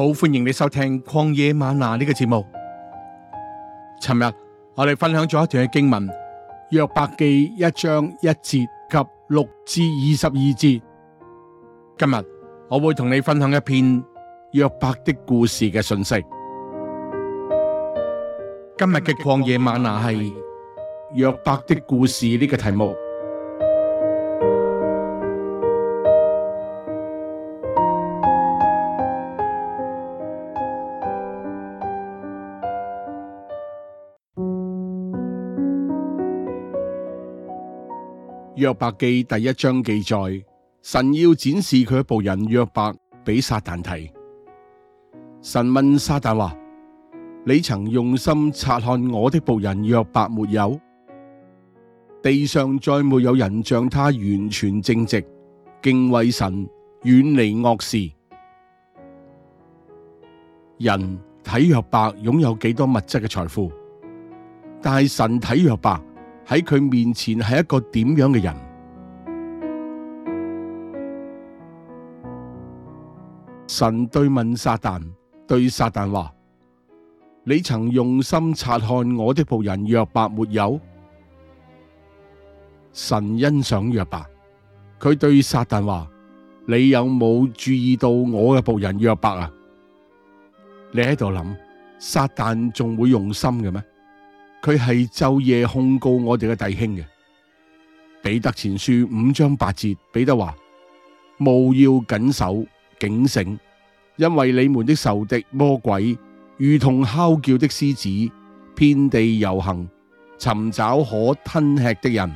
好歡迎你收聽曠野嗎哪呢個節目。尋日我哋分享咗一段嘅經文，約伯記一章一節及六至二十二節。今日我會同你分享一篇約伯的故事嘅訊息。今日嘅曠野嗎哪係約伯的故事呢個題目。約伯記第一章記載，神要展示佢嘅僕人約伯俾撒旦睇。神問撒旦話：你曾用心察看我的僕人約伯沒有？地上再沒有人像他完全正直，敬畏神，遠離惡事。人睇約伯擁有幾多物質嘅財富？但係神睇約伯。喺佢面前係一個點樣嘅人？神對問撒旦，對撒旦話：你曾用心察看我的僕人約伯沒有？神欣賞約伯，佢對撒旦話：你有冇注意到我嘅僕人約伯啊？你喺度諗，撒旦仲會用心嘅咩？佢係晝夜控告我哋嘅弟兄嘅。彼得前書五章八節，彼得話：務要謹守警醒，因為你們的仇敵魔鬼如同哮叫的獅子，遍地遊行，尋找可吞吃的人。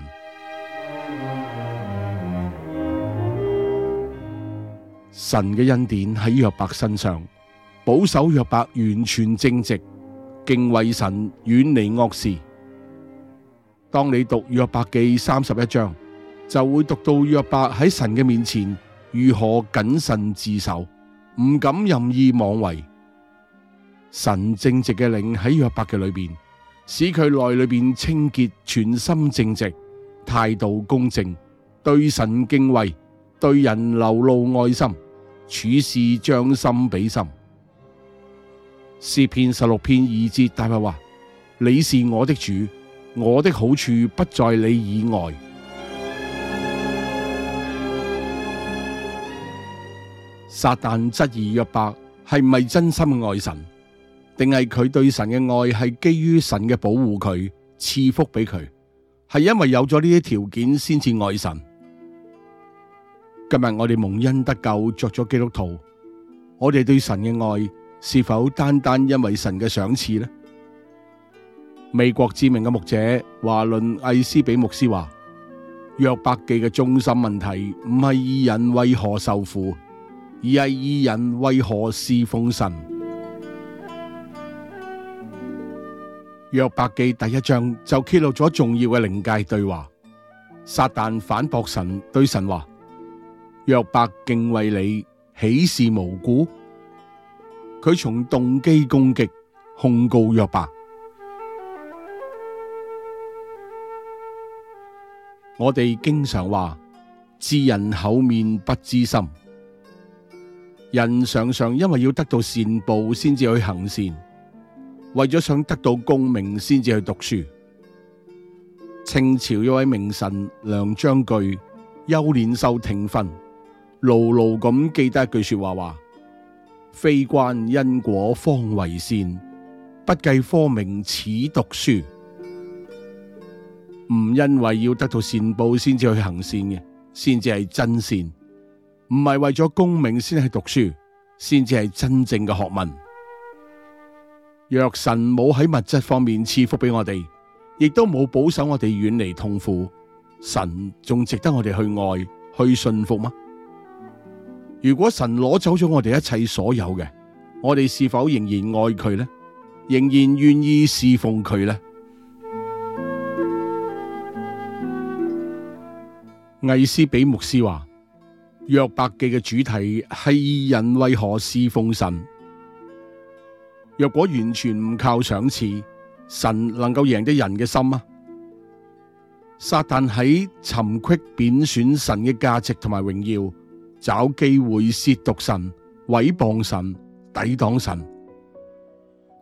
神嘅恩典喺約伯身上，保守約伯完全正直。敬畏神，遠離惡事。當你讀約伯記三十一章，就會讀到約伯喺神嘅面前如何謹慎自守，唔敢任意妄為。神正直嘅靈喺約伯嘅裏邊，使佢內裏邊清潔，全心正直，態度公正，對神敬畏，對人流露愛心，處事將心比心。詩篇十六篇二節，大衛話，你是我的主，我的好處不在你以外。撒旦質疑約伯係咪真心愛神，定係佢對神嘅愛係基於神嘅保護佢賜福俾佢，係因為有咗呢啲條件先至愛神。今日我哋蒙恩得救，作咗基督徒，我哋對神嘅愛。是否單單因為神嘅賞賜呢？美國著名嘅牧者華倫艾斯比牧師話：約伯記嘅中心問題唔係義人為何受苦，而係義人為何侍奉神。約伯記第一章就揭露咗重要嘅靈界對話。撒但反駁神，對神話：約伯敬畏你，豈是無故。」佢從動機攻擊控告約伯，我哋經常話，知人口面不知心，人常常因為要得到善報先至去行善，為咗想得到功名先至去讀書。清朝一位名臣梁章钜幼年受庭訓，牢牢咁記得一句說話話。非關因果方為善，不計科名始讀書。唔因為要得到善報先至去行善嘅，先至係真善。唔係為咗功名先去讀書，先至係真正嘅學問。若神冇喺物質方面賜福俾我哋，亦都冇保守我哋遠離痛苦，神仲值得我哋去愛去信服嗎？如果神攞走咗我哋一切所有嘅，我哋是否仍然愛佢呢？仍然願意侍奉佢呢？魏斯比牧師話：約伯記嘅主題係人為何侍奉神？若果完全唔靠賞賜，神能夠贏得人嘅心嗎？撒旦喺沉溺貶損神嘅價值同埋榮耀。找機會褻瀆神、毀謗神、抵擋神。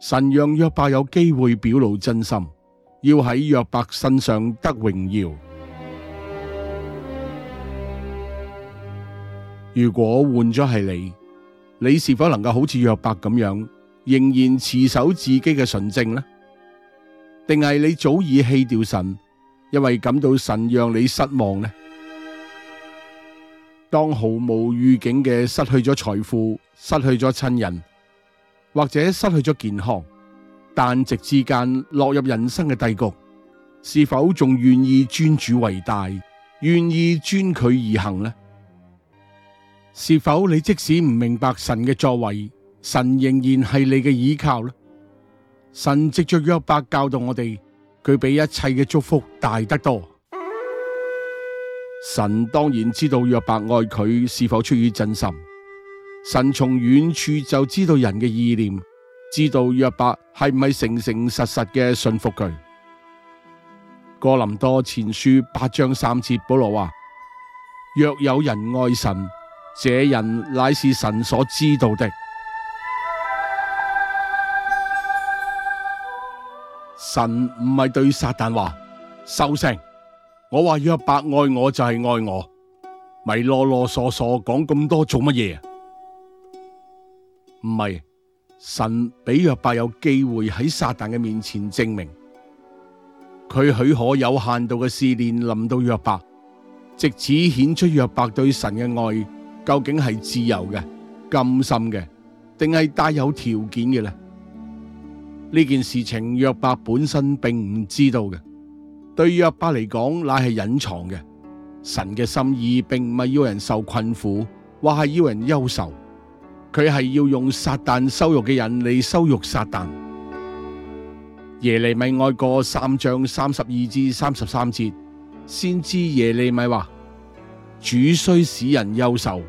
神讓約伯有機會表露真心，要喺約伯身上得榮耀。如果換咗係你，你是否能夠好似約伯咁樣，仍然持守自己嘅純正呢？定係你早已棄掉神，因為感到神讓你失望呢？當毫無預警嘅失去咗財富，失去咗親人，或者失去咗健康，彈指之間，落入人生嘅低谷，是否仲願意尊主為大，願意尊佢而行呢？是否你即使唔明白神嘅作為，神仍然是你嘅依靠呢？神藉着約伯教導我哋，佢比一切嘅祝福大得多。神當然知道約伯愛佢是否出於真心，神從遠處就知道人嘅意念，知道約伯係唔係誠誠實實嘅信服佢。哥林多前書八章三節，保羅話：若有人愛神，這人乃是神所知道的。神唔係對撒旦話收聲。我話約伯愛我就係愛我，咪囉囉嗦嗦講咁多做乜嘢？唔係。神俾約伯有機會喺撒旦嘅面前證明，佢許可有限度嘅試煉臨到約伯，借此顯出約伯對神嘅愛究竟係自由嘅、甘心嘅，定係帶有條件嘅咧？呢件事情約伯本身並唔知道嘅。對於約伯嚟講，乃是隱藏嘅神嘅心意，並唔是要人受困苦，或是要人憂愁。佢是要用撒旦羞辱嘅人嚟羞辱撒旦。耶利米哀歌三章三十二至三十三節，先知耶利米話：主雖使人憂愁，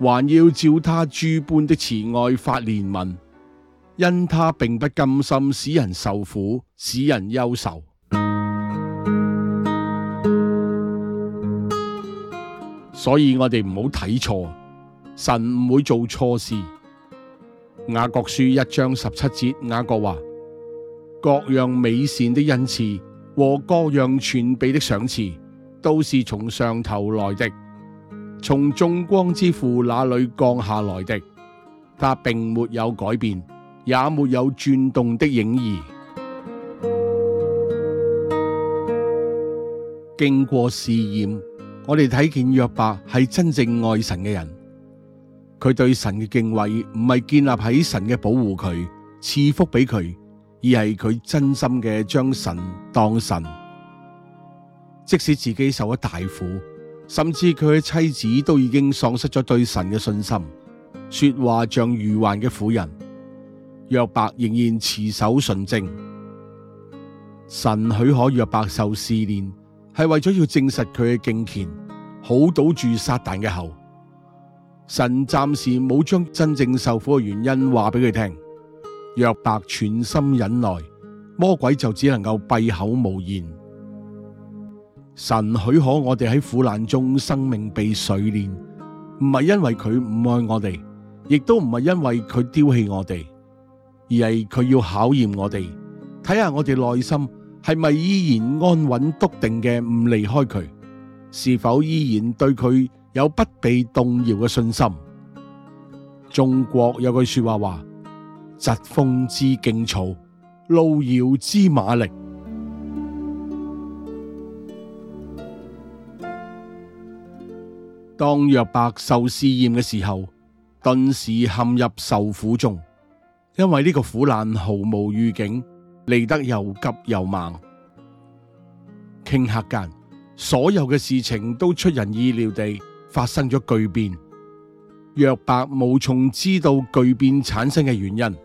還要照他諸般的慈愛發憐憫，因他並不甘心使人受苦，使人憂愁。所以我哋唔好睇錯，神唔會做錯事。雅各書一章十七節，雅各話：各樣美善的恩賜和各樣全備的賞賜，都是從上頭來的，從眾光之父那裏降下來的。他並沒有改變，也沒有轉動的影兒。經過試驗。我哋睇見約伯係真正愛神嘅人，佢對神嘅敬畏唔係建立喺神嘅保護佢、賜福俾佢，而係佢真心嘅將神當神。即使自己受咗大苦，甚至佢嘅妻子都已經喪失咗對神嘅信心，說話像愚頑嘅婦人，約伯仍然持守純正。神許可約伯受試煉，係為咗要證實佢嘅敬虔，好堵住撒旦嘅喉。神暫時冇將真正受苦嘅原因話俾佢聽。約伯全心忍耐，魔鬼就只能夠閉口無言。神許可我哋喺苦難中生命被錘煉，唔係因為佢唔愛我哋，亦都唔係因為佢丟棄我哋，而係佢要考驗我哋，睇下我哋內心。係咪依然安穩篤定嘅唔離開佢？是否依然對佢有不被動搖嘅信心？中國有句說話話：疾風知勁草，路遙知馬力。當約伯受試驗嘅時候，頓時陷入受苦中，因為呢個苦難毫無預警，嚟得又急又猛，頃刻間，所有嘅事情都出人意料地發生咗巨變。約伯無從知道巨變產生嘅原因，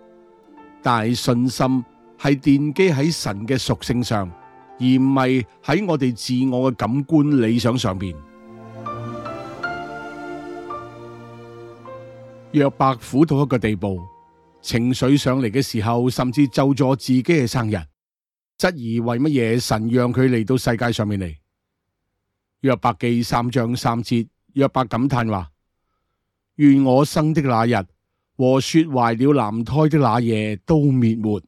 但係信心係奠基喺神嘅屬性上，而唔係喺我哋自我嘅感官理想上邊。約伯苦到一個地步。情緒上嚟嘅時候，甚至咒咗自己嘅生日，質疑為乜嘢神讓佢嚟到世界上面嚟？約伯記三章三節，約伯感嘆話：願我生的那日和說懷了男胎的那夜都滅沒。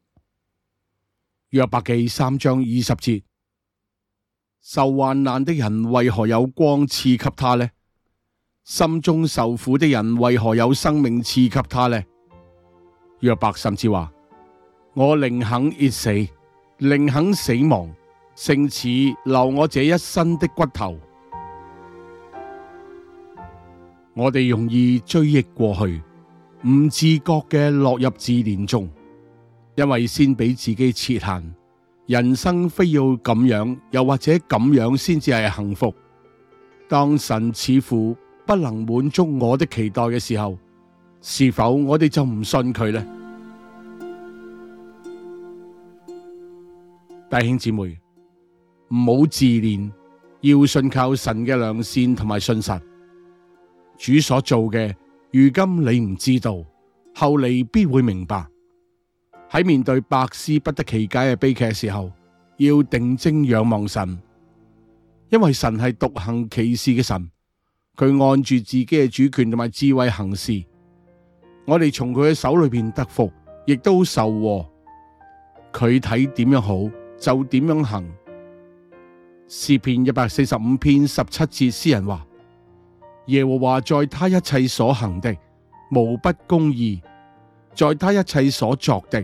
約伯記三章二十節，受患難的人為何有光賜給他呢？心中受苦的人為何有生命賜給他呢？約伯甚至話：我寧肯熱死，寧肯死亡，勝似留我這一身的骨頭。我哋容易追憶過去，唔自覺嘅落入自戀中，因為先俾自己設限，人生非要咁樣，又或者咁樣先至係幸福。當神似乎不能滿足我的期待嘅時候，是否我哋就唔信佢呢？弟兄姊妹，唔好自憐，要信靠神嘅良善同埋信實。主所做嘅，如今你唔知道，後嚟必會明白。喺面對百思不得其解嘅悲劇嘅時候，要定睛仰望神，因為神係獨行其事嘅神，佢按住自己嘅主權同埋智慧行事。我哋從佢嘅手裏邊得福，亦都受禍。佢睇點樣好就點樣行。詩篇一百四十五篇十七節，詩人話：耶和華在他一切所行的無不公義，在他一切所作的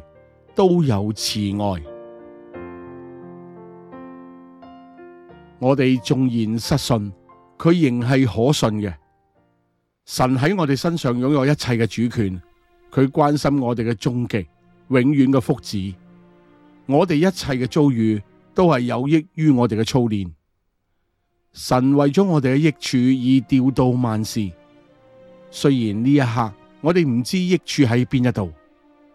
都有慈愛。我哋縱然失信，佢仍係可信嘅。神喺我哋身上擁有一切嘅主權，佢關心我哋嘅終極，永遠嘅福祉。我哋一切嘅遭遇都係有益於我哋嘅操練。神為咗我哋嘅益處而調度萬事，雖然呢一刻我哋唔知益處喺邊一度，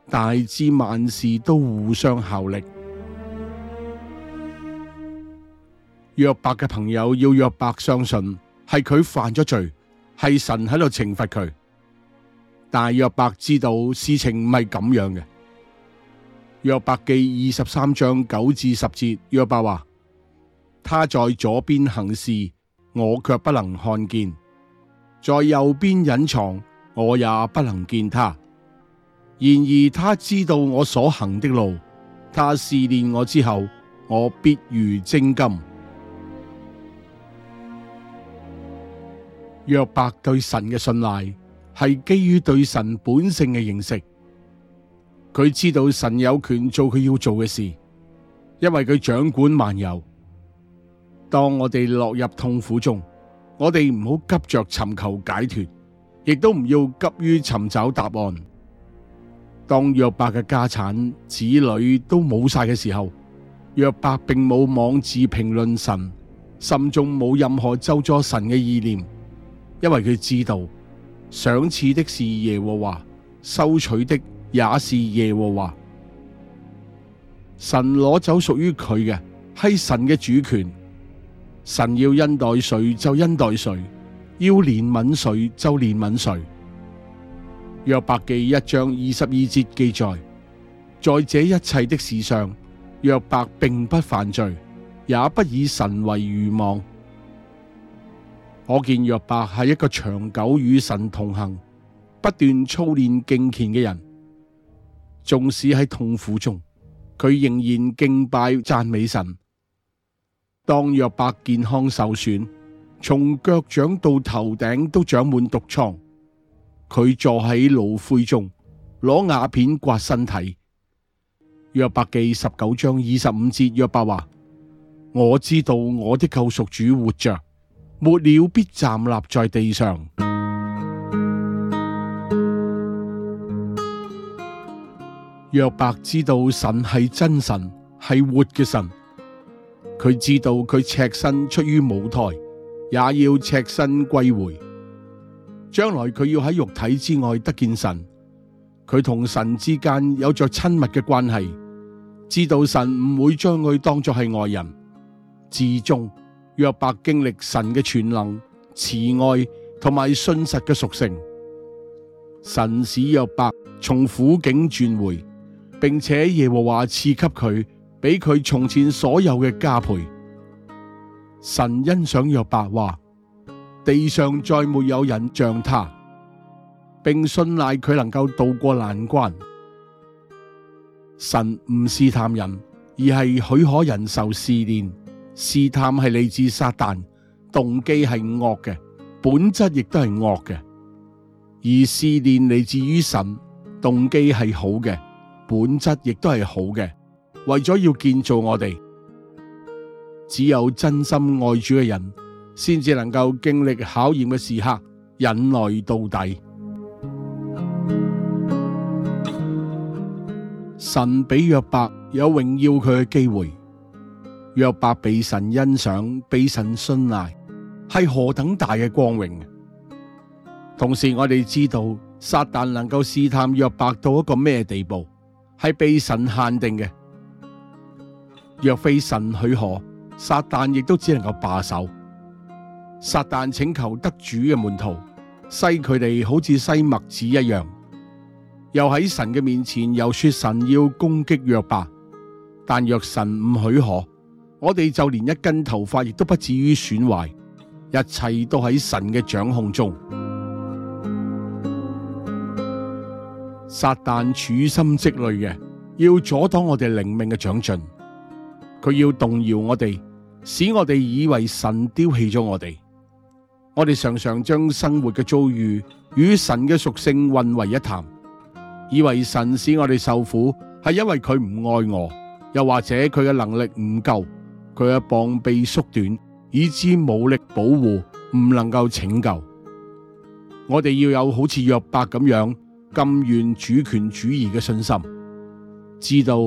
但知萬事都互相效力。約伯嘅朋友要約伯相信，係佢犯咗罪。係神喺度懲罰佢，但係約伯知道事情唔係咁樣嘅。約伯記二十三章九至十節，約伯話：他在左邊行事，我卻不能看見；在右邊隱藏，我也不能見他。然而他知道我所行的路，他試煉我之後，我必如精金。約伯對神嘅信賴係基於對神本性嘅認識。佢知道神有權做佢要做嘅事，因為佢掌管萬有。當我哋落入痛苦中，我哋唔好急着尋求解脱，亦都唔要急於尋找答案。當約伯嘅家產、子女都冇晒嘅時候，約伯並冇妄自評論神，心中冇任何咒詛神嘅意念。因為佢知道賞賜的是耶和華，收取的也是耶和華。神攞走屬於佢嘅，係神嘅主權，神要恩待誰就恩待誰，要憐憫誰就憐憫誰。約伯記一章二十二節記載，在這一切的事上，約伯並不犯罪，也不以神為愚妄。可見約伯係一個長久與神同行、不斷操練敬虔嘅人。縱使喺痛苦中，佢仍然敬拜讚美神。當約伯健康受損，從腳掌到頭頂都長滿毒瘡，佢坐喺爐灰中，攞瓦片刮身體。約伯記十九章二十五節，約伯話：我知道我的救贖主活着。末了，必站立在地上。約伯知道神係真神，係活嘅神。佢知道佢赤身出於舞台，也要赤身歸回。將來佢要喺肉體之外得見神，佢同神之間有着親密嘅關係，知道神唔會將佢當作係外人，至終。約伯經歷神嘅全能、慈愛同埋信實嘅屬性。神使約伯從苦境轉回，並且耶和華賜給佢比佢從前所有嘅加倍。神欣賞約伯話：地上再沒有人像他，並信賴佢能夠渡過難關。神唔試探人，而係許可人受試煉。試探係嚟自撒旦，動機係惡嘅，本質亦都係惡嘅；而試煉嚟自於神，動機係好嘅，本質亦都係好嘅。為咗要建造我哋，只有真心愛主嘅人，先至能夠經歷考驗嘅時刻，忍耐到底。神俾約伯有榮耀佢嘅機會。若伯被神欣賞、被神信賴，係何等大嘅光榮！同時，我哋知道撒旦能夠試探約伯到一個咩地步，係被神限定嘅。若非神許可，撒旦亦都只能夠罷手。撒旦請求得主嘅門徒，西佢哋好似西麥子一樣，又喺神嘅面前又說神要攻擊約伯，但若神唔許可，我哋就連一根頭髮亦都不至於損壞，一切都喺神嘅掌控中。撒旦處心積慮嘅，要阻擋我哋靈命嘅長進，佢要動搖我哋，使我哋以為神丟棄咗我哋。我哋常常將生活嘅遭遇與神嘅屬性混為一談，以為神使我哋受苦係因為佢唔愛我，又或者佢嘅能力唔夠。佢嘅膀臂縮短，以致冇力保護，唔能夠拯救。我哋要有好似約伯咁樣甘願主權主義嘅信心，知道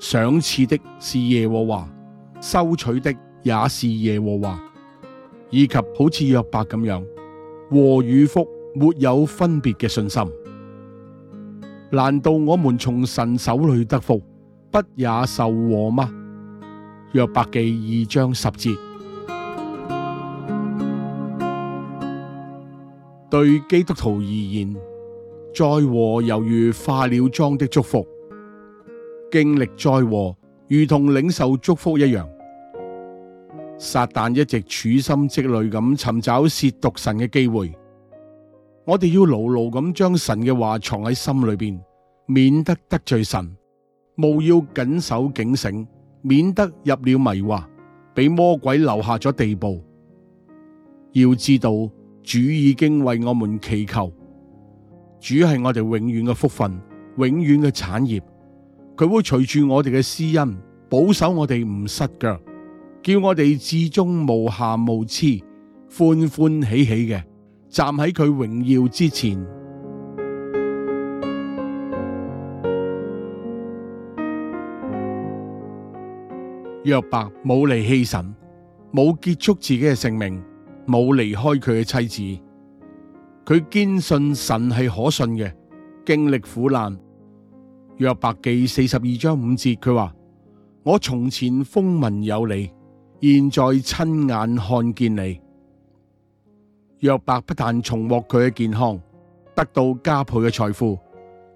賞賜的是耶和華，收取的也是耶和華，以及好似約伯咁樣禍與福沒有分別嘅信心。難道我們從神手裏得福，不也受禍嗎？約伯記二章十節，對基督徒而言，災禍猶如化了妝的祝福，經歷災禍如同領受祝福一樣。撒旦一直處心積慮咁尋找褻瀆神嘅機會，我哋要牢牢咁將神嘅話藏喺心裏邊，免得得罪神，務要謹守警醒。免得入了迷惑，俾魔鬼留下咗地步。要知道主已經為我們祈求，主係我哋永遠嘅福分，永遠嘅產業。佢會隨住我哋嘅私恩，保守我哋唔失腳，叫我哋至終無瑕無疵，歡歡喜喜嘅站喺佢榮耀之前。約伯冇離棄神，冇結束自己嘅性命，冇離開佢嘅妻子。佢堅信神係可信嘅，經歷苦難。約伯記四十二章五節，佢話：我從前風聞有你，現在親眼看見你。約伯不但重獲佢嘅健康，得到加倍嘅財富，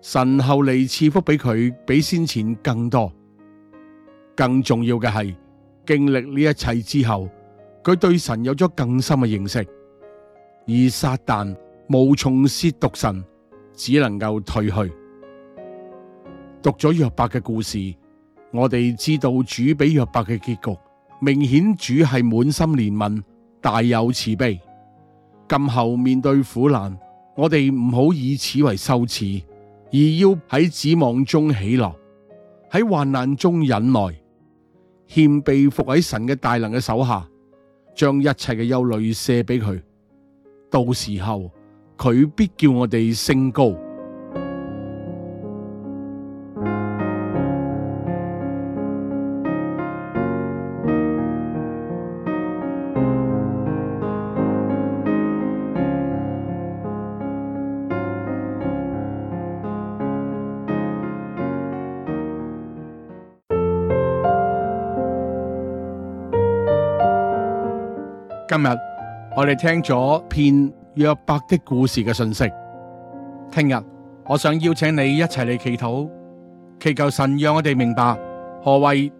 神後嚟賜福畀佢，比先前更多。更重要嘅係，經歷呢一切之後，佢對神有咗更深嘅認識，而撒旦無從褻瀆神，只能夠退去。讀咗約伯嘅故事，我哋知道主畀約伯嘅結局，明顯主係滿心憐憫，大有慈悲。今後面對苦難，我哋唔好以此為羞恥，而要喺指望中喜樂，喺患難中忍耐。謙卑服喺神嘅大能嘅手下，將一切嘅憂慮卸俾佢，到時候佢必叫我哋升高。今日我哋聽咗篇約伯的故事嘅信息，聽日我想邀請你一齊嚟祈禱，祈求神讓我哋明白何謂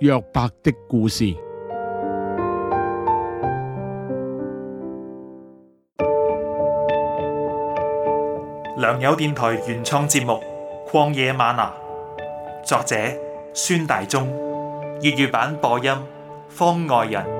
約伯的故事。良友電台原創節目《曠野嗎哪》，作者孫大中，粵語版播音方外人。